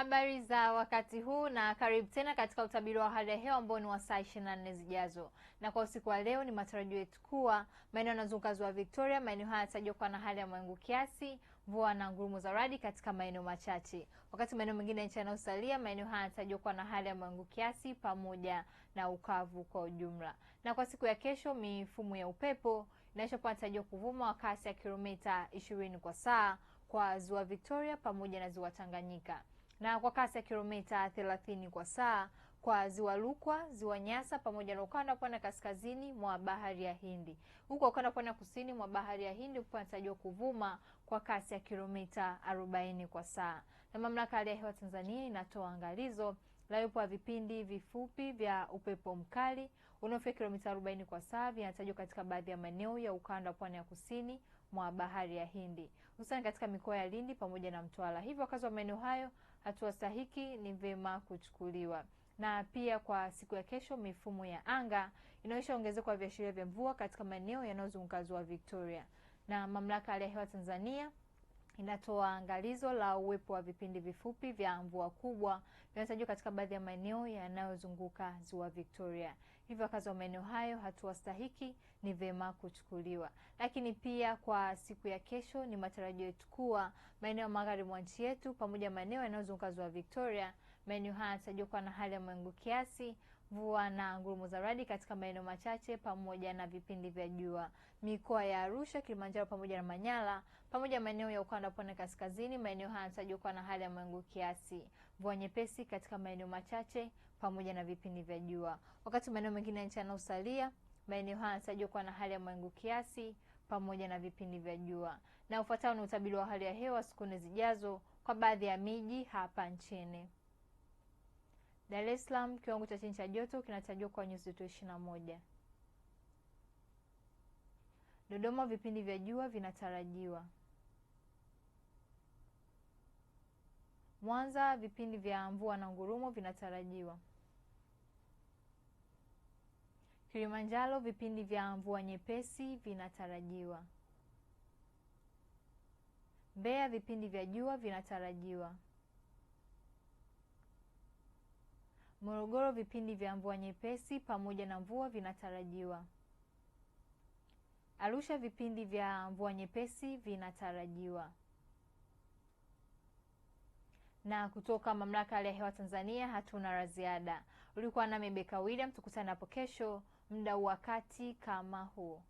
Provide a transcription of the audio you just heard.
Habari za wakati huu na karibu tena katika utabiri wa hali ya hewa ambao ni wa saa 24 zijazo. Na kwa usiku wa leo, ni matarajio yetu kuwa maeneo yanazunguka ziwa Victoria, maeneo haya yatajwa kuwa na hali ya mawingu kiasi, mvua na ngurumo za radi katika maeneo machache, wakati maeneo mengine ya nchi yanayosalia, maeneo haya yatajwa kuwa na hali ya mawingu kiasi pamoja na ukavu kwa ujumla. Na kwa siku ya kesho, mifumo ya upepo inatarajiwa kuvuma wa kasi ya kilomita 20 kwa saa kwa ziwa Victoria pamoja na ziwa Tanganyika na kwa kasi ya kilomita 30 kwa saa kwa ziwa Rukwa, ziwa Nyasa pamoja na ukanda pwani kaskazini mwa bahari ya Hindi, huku ukanda pwani kusini mwa bahari ya Hindi kunatarajiwa kuvuma kwa kasi ya kilomita 40 kwa saa. Na mamlaka ya hali ya hewa Tanzania inatoa angalizo live wa vipindi vifupi vya upepo mkali unaofika kilomita 40 kwa saa vinatajwa katika baadhi ya maeneo ya ukanda wa pwani ya kusini mwa bahari ya Hindi hususani katika mikoa ya Lindi pamoja na Mtwara. Hivyo wakazi wa maeneo hayo, hatua stahiki ni vema kuchukuliwa. Na pia kwa siku ya kesho, mifumo ya anga inaonyesha ongezeko la viashiria vya mvua katika maeneo yanayozunguka ziwa Victoria. Na mamlaka ya hali ya hewa Tanzania inatoa angalizo la uwepo wa vipindi vifupi vya mvua kubwa vinatarajiwa katika baadhi ya maeneo yanayozunguka ziwa Victoria. Hivyo wakazi wa maeneo hayo, hatua stahiki ni vyema kuchukuliwa. Lakini pia kwa siku ya kesho, ni matarajio yetu kuwa maeneo ya magharibi mwa nchi yetu pamoja maeneo yanayozunguka ziwa Victoria Maeneo haya Menyuhan kuwa na hali ya mawingu kiasi, mvua na ngurumo za radi katika maeneo machache pamoja na vipindi vya jua. Mikoa ya Arusha, Kilimanjaro pamoja na Manyara pamoja na maeneo ya ukanda wa pwani kaskazini, maeneo haya yanatarajiwa kuwa na hali ya mawingu kiasi, mvua nyepesi katika maeneo machache pamoja na vipindi vya jua. Wakati maeneo mengine ya nchi yanayosalia, maeneo haya yanatarajiwa kuwa na hali ya mawingu kiasi pamoja na vipindi vya jua. Na ufuatao ni utabiri wa hali ya hewa siku nne zijazo kwa baadhi ya miji hapa nchini. Dar es Salaam kiwango cha chini cha joto kinatarajiwa kwa nyuzi joto 21. moja. Dodoma vipindi vya jua vinatarajiwa. Mwanza vipindi vya mvua na ngurumo vinatarajiwa. Kilimanjaro vipindi vya mvua nyepesi vinatarajiwa. Mbeya vipindi vya jua vinatarajiwa. Morogoro vipindi vya mvua nyepesi pamoja na mvua vinatarajiwa. Arusha vipindi vya mvua nyepesi vinatarajiwa. Na kutoka Mamlaka ya Hali ya Hewa Tanzania hatuna la ziada. Ulikuwa nami Beka William, tukutane hapo kesho muda wakati kama huo.